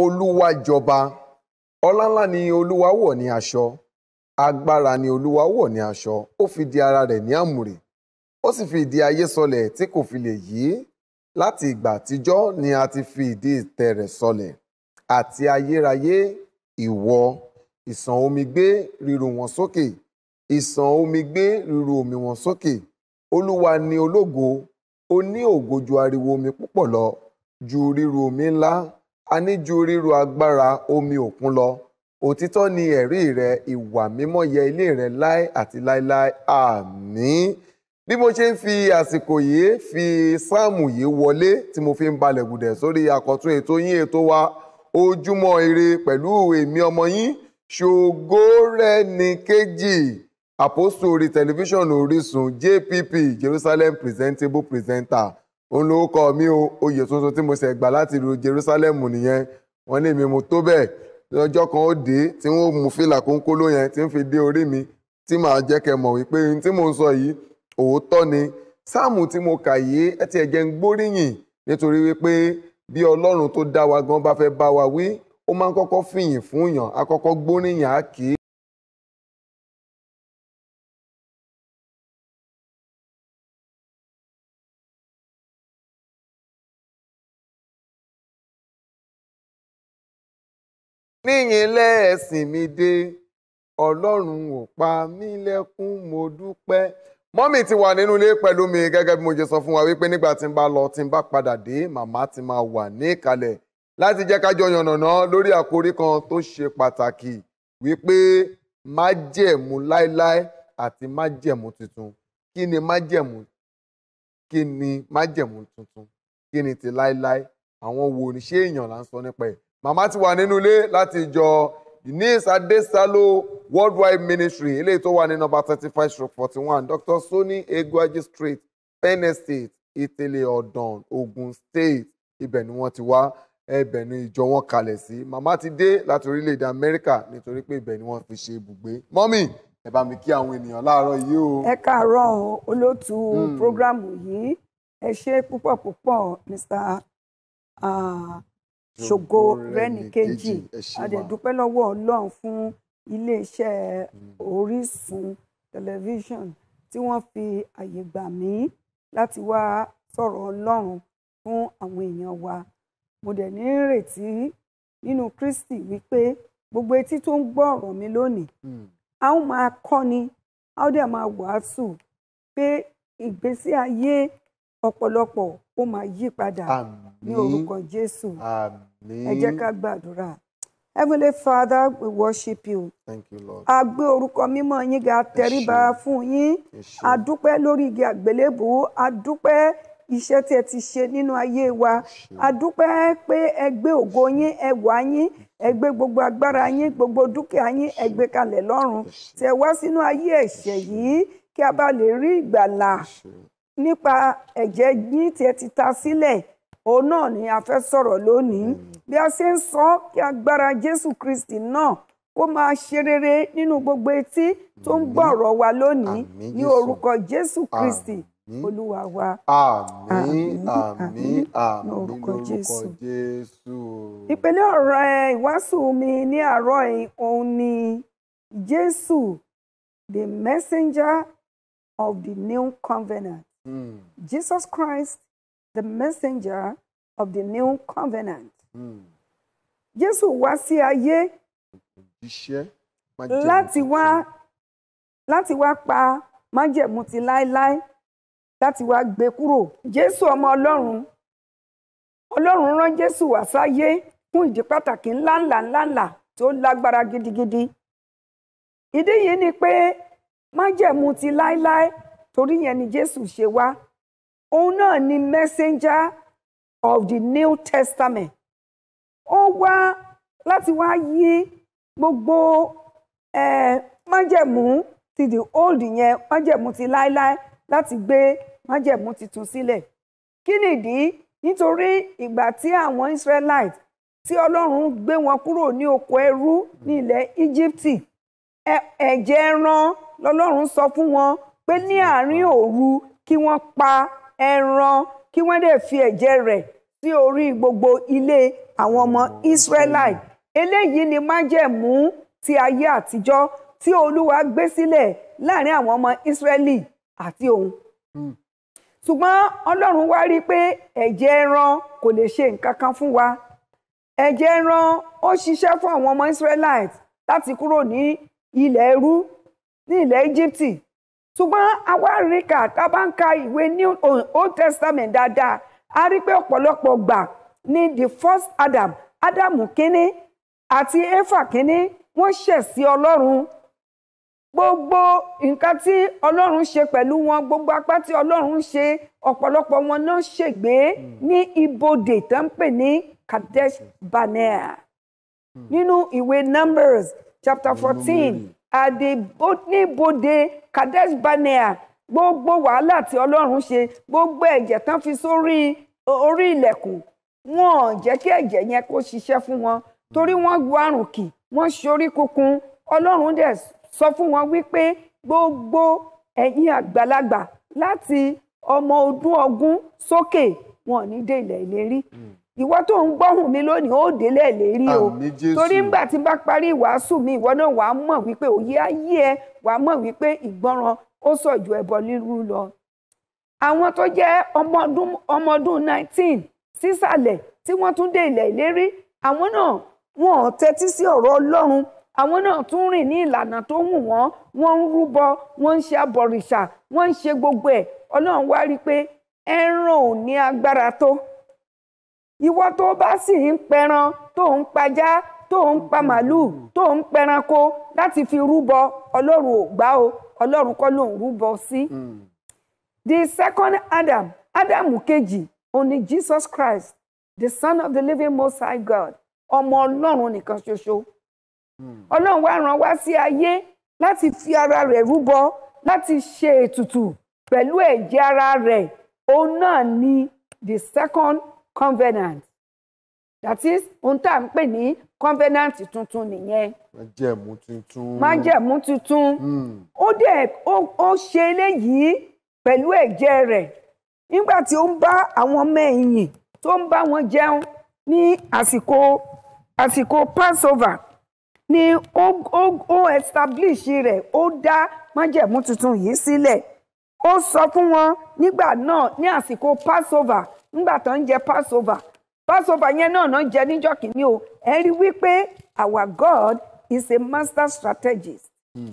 olúwa jọba ọláńlá ni olúwa wọ̀ ní aṣọ agbára ni olúwa wọ̀ ní aṣọ ó fi di ara rẹ̀ ní àmùrè ó sì fi ìdí ayé sọlẹ̀ tí kò fi lè yí láti ìgbà àtijọ́ ni a ti fi ìdí ìtẹ́ rẹ̀ sọlẹ̀ àti ayérayé ìwọ ìsàn omi gbé ríru wọn sókè ìsàn omi gbé ríru omi wọn sókè olúwa ni ológo ó ní ògo ariwo omi púpọ̀ lọ ju ríru omi ńlá a ní ju ríru agbára omi òkun lọ òtítọ́ ni ẹ̀rí rẹ ìwà mímọ́ yẹ ilé rẹ láé àti láéláé àmín bí mo ṣe ń fi àsìkò yìí fi sáàmù yìí wọlé tí mo fi ń balẹ̀ gùdẹ̀ sórí àkọ́tún ètò yín ètò wa ojúmọ́ ire pẹ̀lú èmi ọmọ yín Ṣògorẹ́níkéjì àpòsù orí tẹlifíṣàn Orísun JPP Jerusalem presentable presenter òun lórúkọ mi o oyè tuntun tí mo ṣẹ̀ gbà láti ìlú Jerusalem nìyẹn wọ́n ní mi mo tó bẹ́ẹ̀ lọ́jọ́ kan ó dé tí wọ́n mú fìlà kónkóló yẹn tí ń fi dé orí mi tí màá jẹ́ kẹ́ mọ̀ wípé ohun tí mò ń sọ yìí òótọ́ ni sáàmù tí mo kà yìí ẹ tiẹ̀ jẹ́ ń gbóríyìn nítorí wípé bí ọlọ́run tó dá wa gan bá fẹ́ bá wa wí ó máa ń kọ́kọ́ fìyìn fún yàn á kọ́kọ́ gbóríyìn á kì í níyìn lẹ́ẹ̀sìn mi dé ọlọ́run ò pa mí lẹ́kún mo dúpẹ́ mọ́mì ti wà nínú ilé pẹ̀lú mi gẹ́gẹ́ bí mo ṣe sọ fún wa wípé nígbà tí n bá lọ tí n bá padà dé màmá ti máa wà ní ìkàlẹ̀ láti jẹ́ ká jọ yànnàná lórí àkórí kan tó ṣe pàtàkì wípé májẹ̀mú láéláé àti májẹ̀mú tuntun kí ni májẹ̀mú kí ni májẹ̀mú tuntun kí ni ti láéláé àwọn wo ni ṣé èèyàn là ń sọ nípa ẹ̀ màmá ti wà nínú ilé láti ìjọ Eunice Adesalo worldwide ministry eléyìí tó wà ní nọ́mbà thirty five stroke forty one Dr. Soni Egwaji Street Penn State Itele Ọ̀dàn Ogun State ibẹ̀ ni wọ́n ti wá ẹbẹ̀ ni ìjọ wọn kalẹ̀ sí màmá ti dé láti orílẹ̀-èdè Amẹ́ríkà nítorí pé ibẹ̀ ni wọ́n fi ṣe ibùgbé mọ́mì ẹ bá mi kí àwọn ènìyàn láàárọ̀ yìí o. ẹ káàárọ̀ olóòtú hmm. programu yìí ẹ ṣe púpọ̀ púpọ̀ Mr ṣògo rẹ́nìkejì a dẹ̀ dúpẹ́ lọ́wọ́ ọlọ́run fún iléeṣẹ́ mm. orísun tẹlifíṣàn tí wọ́n fi àyè gbà mí láti wá sọ̀rọ̀ ọlọ́run fún àwọn èèyàn wa mo dẹ̀ ní ìrètí nínú kristi wípé gbogbo etí tó ń gbọ́ ọ̀rọ̀ mi lónìí mm. a máa kọ́ni a dẹ̀ máa wàásù pé ìgbésí ayé ọ̀pọ̀lọpọ̀ ó máa yí padà ní orúkọ Jésù ẹ jẹ́ ká gbàdúrà. Heavenly Father, we worship you. Thank you, Lord. A gbé orúkọ mímọ́ yín ga tẹríba fún yín. A dúpẹ́ lórí igi àgbélébù. A dúpẹ́ iṣẹ́ tí ẹ ti ṣe nínú ayé wa. A dúpẹ́ pé ẹ gbé ògo yín, ẹwà yín, ẹ gbé gbogbo agbára yín, gbogbo dúkìá yín, ẹ gbé kalẹ̀ lọ́rùn. Tẹ wá sínú ayé ẹ̀ṣẹ̀ yìí kí a bá lè rí ìgbàlà nípa ẹ̀jẹ̀ yín tí ẹ ti ta sílẹ̀ òun náà ni a fẹ́ sọ̀rọ̀ lónìí bí a ṣe ń sọ kí agbára Jésù Kristi náà kó máa ṣe rere nínú gbogbo etí tó ń gbọ́ ọ̀rọ̀ wa lónìí ní orúkọ Jésù Kristi olúwa wa. àmín àmín àmín lórúkọ Jésù. ìpele ọ̀rọ̀ ìwàásù mi ní àárọ̀ òun ni Jésù the messenger of the new covenant. Mm. Jesus Christ, the messenger of the new covenant. Mm. Jésù wá sí ayé láti wá láti wá pa májẹ̀mú ti láéláé láti wá gbé kúrò. Jésù ọmọ Ọlọ́run Ọlọ́run rán Jésù wá sáyé fún ìdí pàtàkì ńláńlá ńláńlá tó lágbára gidigidi. Ìdí yìí ni pé májẹ̀mú ti láéláé torí yẹn ni Jésù ṣe wá òun náà ni messenger of the New Testament ó wá láti wá yí gbogbo májẹ̀mú ti the old yẹn májẹ̀mú ti láéláé láti gbé májẹ̀mú tuntun sílẹ̀ kí nìdí nítorí ìgbà tí àwọn Israelite tí Ọlọ́run gbé wọn kúrò ní oko ẹrú ní ilẹ̀ Íjíbítì ẹ̀jẹ̀ ẹran lọ́lọ́run sọ fún wọn pé ní àárín òru kí wọ́n pa ẹran kí wọ́n dẹ̀ fi ẹ̀jẹ̀ rẹ̀ sí orí gbogbo ilé àwọn ọmọ Israelite eléyìí ni májẹ̀mú ti ayé àtijọ́ tí Olúwa gbé sílẹ̀ láàrin àwọn ọmọ Israeli àti òun hmm. ṣùgbọ́n Ọlọ́run wá rí i pé ẹ̀jẹ̀ ẹran kò lè ṣe nǹkan kan fún wa ẹ̀jẹ̀ ẹran ó ṣiṣẹ́ fún àwọn ọmọ Israelite láti kúrò ní ilẹ̀ ẹrú ní ilẹ̀ Íjíbítì ṣùgbọ́n àwa rí kà tá a bá ń ka ìwé new old testament dáadáa a rí pé ọ̀pọ̀lọpọ̀ gbà ní the first adam ádámù kínní àti éfà kínní wọ́n ṣẹ̀ sí ọlọ́run gbogbo nǹkan tí ọlọ́run ṣe pẹ̀lú wọn gbogbo apá tí ọlọ́run ṣe ọ̀pọ̀lọpọ̀ wọn náà ṣègbé hmm. ní ibodè tó ń pè ní kadesh barnea hmm. nínú ìwé numbers chapter fourteen àdìbòníbòde kadesh barnea gbogbo wàhálà tí ọlọ́run ṣe gbogbo ẹ̀jẹ̀ tán fi sórí orí ilẹ̀kùn wọn ò jẹ́ kí ẹ̀jẹ̀ yẹn kó ṣiṣẹ́ fún wọn torí wọ́n gbu àrùn kì wọ́n ṣorí kunkun ọlọ́run dẹ̀ sọ fún wọn wípé gbogbo ẹ̀yin àgbàlagbà láti ọmọ ọdún ogún sókè wọn ò ní dé ilẹ̀ ìlérí ìwọ tó ń gbọ́hùn mi lónìí ó délẹ̀ lérí o torí ńgbà tí n bá parí ìwàásù mi ìwọ náà wàá mọ̀ wípé òye ayé ẹ wàá mọ̀ wípé ìgbọràn ó sọ ju ẹbọ líru lọ àwọn tó jẹ́ ọmọ ọdún nineteen sísàlẹ̀ tí wọ́n tún dé ilẹ̀ ìlérí àwọn náà wọn ò tẹ́tí sí ọ̀rọ̀ Ọlọ́run àwọn náà tún rìn ní ìlànà tó wù wọ́n wọ́n ń rúbọ wọ́n ń ṣe abọ̀rìṣà wọ́n ń ṣe gbogbo ẹ̀ Ọlọ́run wá rí i pé ẹran ò ní agbára tó ìwọ tó bá sì ń pẹran tó ń pajá tó ń pa màlúù tó ń pẹranko láti fi rúbọ ọlọ́run ò gbà o ọlọ́run kọ́ ló ń rúbọ sí. the second adam adam kejì òní jesus christ the son of the living most high god ọmọ ọlọ́run nìkan ṣoṣo. ọlọ́run wá rán wá sí ayé láti fi ara rẹ̀ rúbọ láti ṣe ètùtù pẹ̀lú ẹ̀jẹ̀ ara rẹ̀ òun náà ni the second adam covenant that is ohun tá à ń pè ní covenant tuntun nìyẹn. májẹ̀mú tuntun. májẹ̀mú tuntun. Hmm. ó dẹ̀ ó ṣe eléyìí pẹ̀lú ẹ̀jẹ̀ rẹ̀ nígbà tí ó ń bá àwọn ọmọ ẹ̀yìn tó ń bá wọn jẹun ní àsìkò àsìkò passover ni ó ó ó establish rẹ̀ ó dá májẹ̀mú tuntun yìí sílẹ̀ ó sọ fún wọn nígbà náà ní àsìkò passover nígbà tó ń jẹ passover passover yẹn náà náà jẹ níjọ́ kìíní o ẹ rí wípé our God is a master strategist hmm.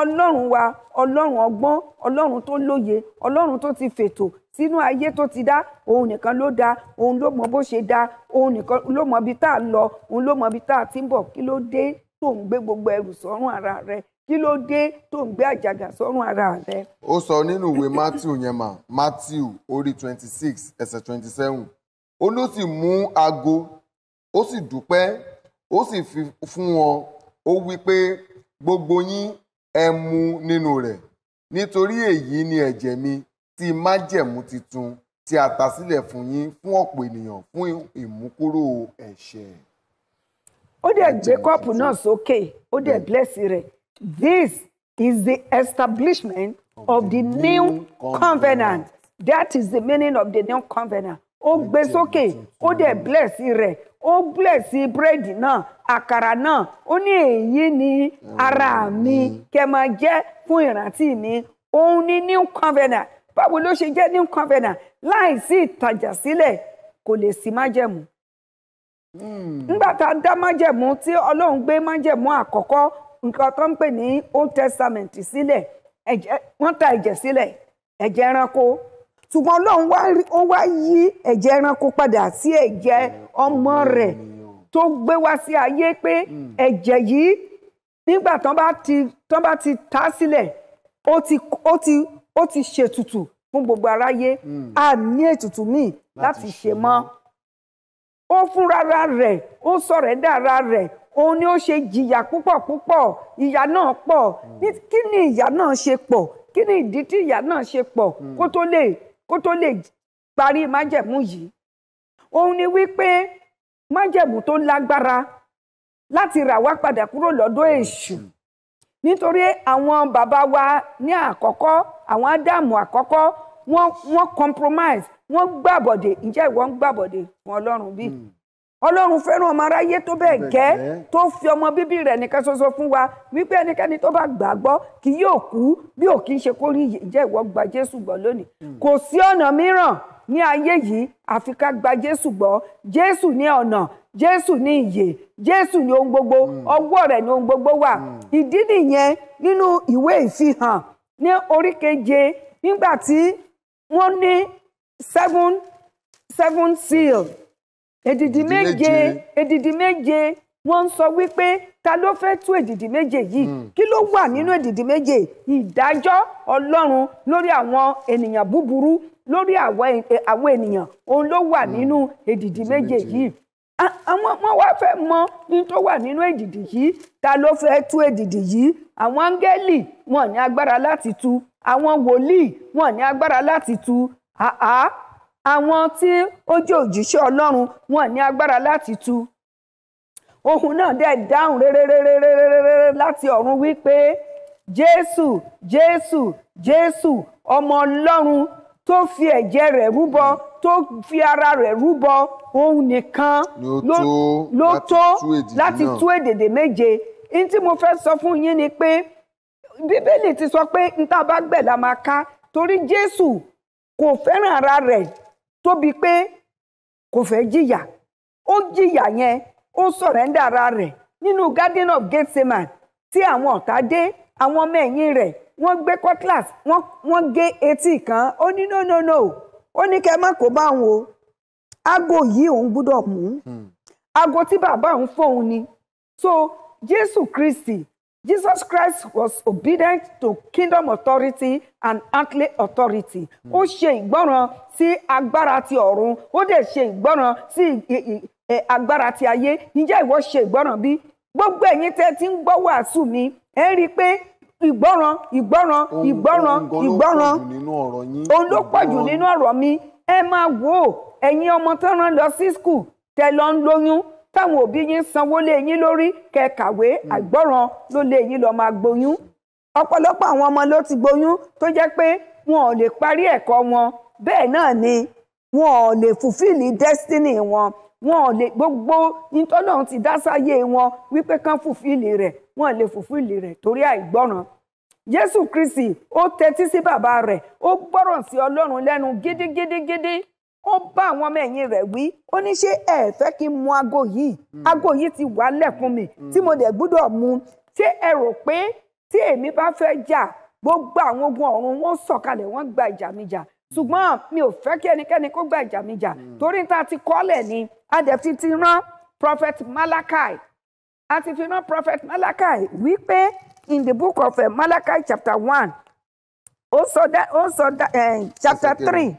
ọlọ́run wa ọlọ́run ọgbọ́n ọlọ́run tó lóye ọlọ́run tó ti fètò sínú ayé tó ti dá òun nìkan ló dá òun ló mọ bó ṣe dá òun nìkan ló mọ ibi tá a lọ òun ló mọ ibi tá a ti ń bọ̀ kí ló dé tó ń gbé gbogbo ẹrù sọ́rùn ara rẹ̀ kí ló dé tó ń gbé àjàgà sọ́rùn ara rẹ. ó sọ nínú ìwé matthew yẹn mà matthew orí twenty six ẹsẹ̀ twenty seven ó ló sì mú ago ó sì dúpẹ́ ó sì fi fún wọn ó wí pé gbogbo yín ẹ mu nínú rẹ̀ nítorí èyí ni ẹ̀jẹ̀ mi ti májẹ̀mú titun tí a ta sílẹ̀ fún yín fún ọ̀pọ̀ ènìyàn fún ìmúkúrò ẹ̀ṣẹ̀. ó dẹ̀ gbé kọ́ọ̀pù náà sókè ó dẹ̀ blẹ́sì rẹ̀ This is the establishment of, the, new covenant. That is the meaning of the new covenant. Ó gbé sókè, ó dẹ̀ bless rẹ̀, ó bless búrẹ́dì náà, àkàrà náà, ó ní èyí ni ara mi kẹ́ máa jẹ fún ìrántí mi. Òun ni new covenant. Báwo ló ṣe jẹ́ new covenant? Láìsí ìtajà sílẹ̀ kò lè sí májẹ̀mú. Hmm. Nígbà tá a dá májẹ̀mú tí Ọlọ́run gbé májẹ̀mú àkọ́kọ́ nǹkan tó ń pè ní old testament sílẹ̀ ẹ̀jẹ̀ wọ́n ta ẹ̀jẹ̀ sílẹ̀ ẹ̀jẹ̀ ẹranko ṣùgbọ́n ọlọ́run ó wá yí ẹ̀jẹ̀ ẹranko padà sí ẹ̀jẹ̀ ọmọ rẹ̀ tó gbé wá sí ayé pé ẹ̀jẹ̀ yìí nígbà tán bá ti tán bá ti ta sílẹ̀ ó ti ó ti ó fún gbogbo aráyé a ní ètùtù míì láti ṣe mọ́ ó fúnra rẹ̀ ó sọ̀rẹ́dà rẹ̀ òun ni ó ṣe jìyà púpọ̀ púpọ̀ ìyà náà pọ̀ hmm. kí ni ìyà náà ṣe pọ̀ kí ni ìdí tí ìyà náà ṣe pọ̀ hmm. kó tó lè kó tó lè parí májẹ̀mú yìí òun ni wípé májẹ̀mú tó lágbára láti rà wá padà kúrò lọ́dọ̀ hmm. èṣù nítorí àwọn bàbá wa ní àkọ́kọ́ àwọn ádámù àkọ́kọ́ wọ́n wọ́n compromise wọ́n gbàbọ̀dè ǹjẹ́ ìwọ ń fún ọlọ́run bíi ọlọ́run fẹ́ràn ọmọ aráyé tó bẹ́ẹ̀ gẹ́ tó fi ọmọ bíbí rẹ̀ nìkan ṣoṣo fún wa wípé ẹnikẹ́ni tó bá gbàgbọ́ kì yóò kú bí ò kí ń ṣe kó rí ìjẹ́ ìwọ gba jésù gbọ́ lónìí hmm. kò sí ọ̀nà mìíràn ní ayé yìí àfi ká gba jésù gbọ́ jésù ní ọ̀nà jésù ní ìyè jésù ní ohun gbogbo hmm. ọwọ́ rẹ̀ ní ohun gbogbo wà hmm. ìdí nìyẹn nínú ìwé ìfihàn ní orí keje nígbà tí wọ́n ní seven seven seal èdìdì méje èdìdì méje wọ́n ń sọ wípé ta ló fẹ́ tú èdìdì méje yìí hmm. kí ló wà nínú èdìdì méje ìdájọ́ ọlọ́run lórí àwọn ènìyàn búburú lórí àwọn e, ènìyàn òun ló wà hmm. nínú èdìdì méje yìí àwọn ọmọ wa fẹ́ mọ ní tó wà nínú èdìdì yìí ta ló fẹ́ tú èdìdì yìí àwọn áńgẹ́lì wọn ní agbára láti tú àwọn wòlíì wọn ní agbára láti tú àwọn tí ó jẹ́ òjíṣẹ́ ọlọ́run wọn ní agbára láti tú ohun náà dẹ̀ dáhùn réréréréréréré láti ọ̀run wípé jésù jésù jésù ọmọ ọlọ́run tó fi ẹ̀jẹ̀ rẹ̀ rúbọ tó fi ara rẹ̀ rúbọ òun nìkan ló tó láti tú èdèdè méje n tí mo fẹ́ sọ fún yín ni pé bíbélì ti sọ pé n tá bá gbẹ̀ la máa ká torí jésù kò fẹ́ràn ara rẹ̀ tóbi pé kò fẹ́ jìyà ó jìyà yẹn ó sọ̀rẹ́ndà ara rẹ̀ nínú garden of gethsemane tí àwọn ọ̀tá dé àwọn ọmọ ẹ̀yìn rẹ̀ wọ́n gbé cutlass wọ́n gé etí kan ó ní no no no ó ní kẹ́ ẹ má kó bá òun o aago yìí òun gbúdọ̀ mú aago hmm. tí bàbá òun fóun ni so jésù kristi Jesus Christ was obedient to kingdom authority and earthly authority. Ó ṣe ìgbọ́ràn sí agbára ti ọ̀run, ó dẹ̀ ṣe ìgbọ́ràn sí agbára ti ayé. Ǹjẹ́ ìwọ ṣe ìgbọ́ràn bí? Gbogbo ẹ̀yin tẹ́ ti ń gbọ́ wàásù mi, ẹ rí i pé ìgbọ́ràn ìgbọ́ràn ìgbọ́ràn ìgbọ́ràn òun ló pọ̀ jù nínú ọ̀rọ̀ mi. Ẹ máa wò ó, ẹ̀yin ọmọ tó rán lọ sí skul tẹ́ lọ ń lóyún táwọn òbí yín sanwó lé yín lórí kẹkàwé hmm. àgbọ́ràn ló lé yín lọ máa gboyún ọ̀pọ̀lọpọ̀ àwọn ọmọ ló ti gboyún tó jẹ́ pé wọn ò lè parí ẹ̀kọ́ wọn bẹ́ẹ̀ náà ni wọn ò lè fulfili destiny wọn wọn ò lè gbogbo nítọ́lọ́run ti dá sáyé wọn wípé kán fulfili rẹ̀ wọn ò lè fulfili rẹ̀ torí àìgbọ́ràn Jésù Kristi ó tẹ́tí sí bàbá rẹ̀ ó gbọ́ràn sí Ọlọ́run lẹ́nu gidigidigidi ó bá àwọn ọmọ ẹ̀yìn rẹ̀ wí ó ní ṣé ẹ fẹ́ kí n mu aago yìí aago hmm. yìí ti wà lẹ́kùn mi tí mo hmm. dẹ̀ gbọ́dọ̀ mu ṣé ẹ rò pé tí èmi bá fẹ́ jà gbogbo àwọn ogun ọ̀run wọn sọ̀kalẹ̀ wọ́n gba ìjà mi jà hmm. ṣùgbọ́n mi ò fẹ́ kí ẹnikẹ́ni kó gba ìjà mi jà torí tá ti kọ́lẹ̀ ni a dẹ̀ fi ti rán prophet Malachi a ti fi rán prophet Malachi wípé in the book of eh, Malachi chapter one ó sọ dá eh, chapter three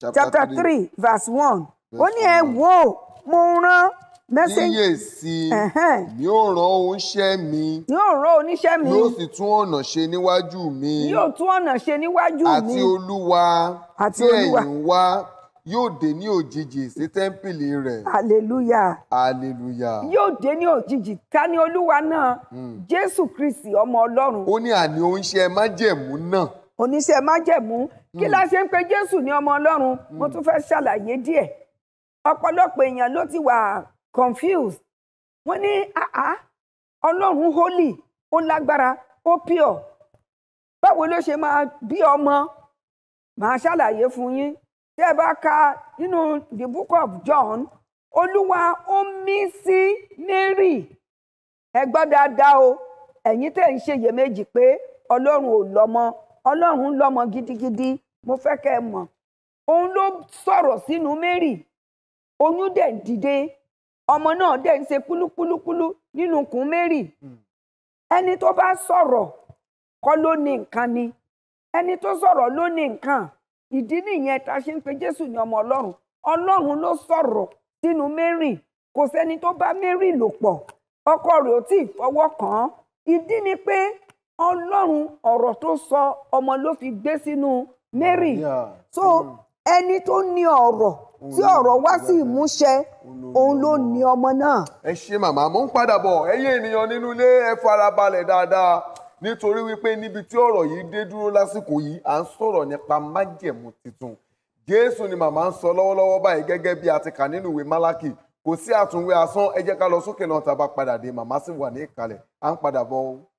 chapter three verse one ó ní ẹ wò mo rán mẹ́sẹ̀gì. kíyèsí ni ó rán oníṣẹ́ mi. ni ó rán oníṣẹ́ mi. yóò sì tún ọ̀nà ṣe níwájú mi. yóò tún ọ̀nà ṣe níwájú mi. àti olúwa àti olúwa tí ẹ̀yin ń wá yóò dé ní òjijì sí tẹ́ḿpìlì rẹ̀. hallelujah. hallelujah. yóò dé ní òjijì ta ni olúwa náà. Hmm. jésù kristi ọmọ ọlọ́run. ó ní àní oníṣẹ́ májẹ̀mú náà oníṣẹ́ májẹ̀mú kí hmm. la ṣe ń pe Jésù ní ọmọ Ọlọ́run mo hmm. tún fẹ́ ṣàlàyé díẹ̀ ọ̀pọ̀lọpọ̀ èèyàn ló ti wà confused wọ́n ní àá Ọlọ́run holy ó lágbára ó pure báwo ló ṣe máa bí ọmọ màá ṣàlàyé fún yín tẹ́ ẹ bá ka nínú the book of John Olúwa ó mí sí Mary ẹ gbọ́ dáadáa o ẹ̀yin tẹ́ ń ṣe iyèméjì pé Ọlọ́run ò lọ́mọ ọlọ́run lọ́mọ gidigidi mo fẹ́ kẹ́ ẹ mọ̀ òun ló sọ̀rọ̀ sínú Mary oyún dẹ̀ ń dìde ọmọ náà dẹ̀ ń ṣe kúlúkúlúkúlú nínú kùn Mary hmm. ẹni tó bá sọ̀rọ̀ kọ́ ló ní nǹkan ni ẹni tó sọ̀rọ̀ ló ní nǹkan ìdí nìyẹn tá a ṣe ń pe Jésù ní ọmọ ọlọ́run ọlọ́run ló sọ̀rọ̀ sínú Mary kò sẹ́ni tó bá Mary lò pọ̀ ọkọ rẹ̀ ò tí ì fọwọ́ kàn án ìdí ni pé ọlọ́run ọ̀rọ̀ tó sọ ọmọ ló fi gbé sínú Mary so ẹni tó ní ọ̀rọ̀ tí ọ̀rọ̀ wá sí ìmúṣẹ òun ló ní ọmọ náà. ẹ ṣe màmá mo ń padà bọ̀ ẹ̀yin ènìyàn nínú ilé ẹ farabalẹ̀ dáadáa nítorí wípé níbi tí ọ̀rọ̀ yìí dé dúró lásìkò yìí à ń sọ̀rọ̀ nípa májẹ̀mú tuntun jésù ni màmá ń sọ lọ́wọ́lọ́wọ́ báyìí gẹ́gẹ́ bí a ti kà nínú ìwé málákì kò sí àtúnwé asán ẹ jẹ́ ká lọ sókè náà tá a bá padà dé màmá sì wà ní ìkàlẹ̀ à ń padà bọ̀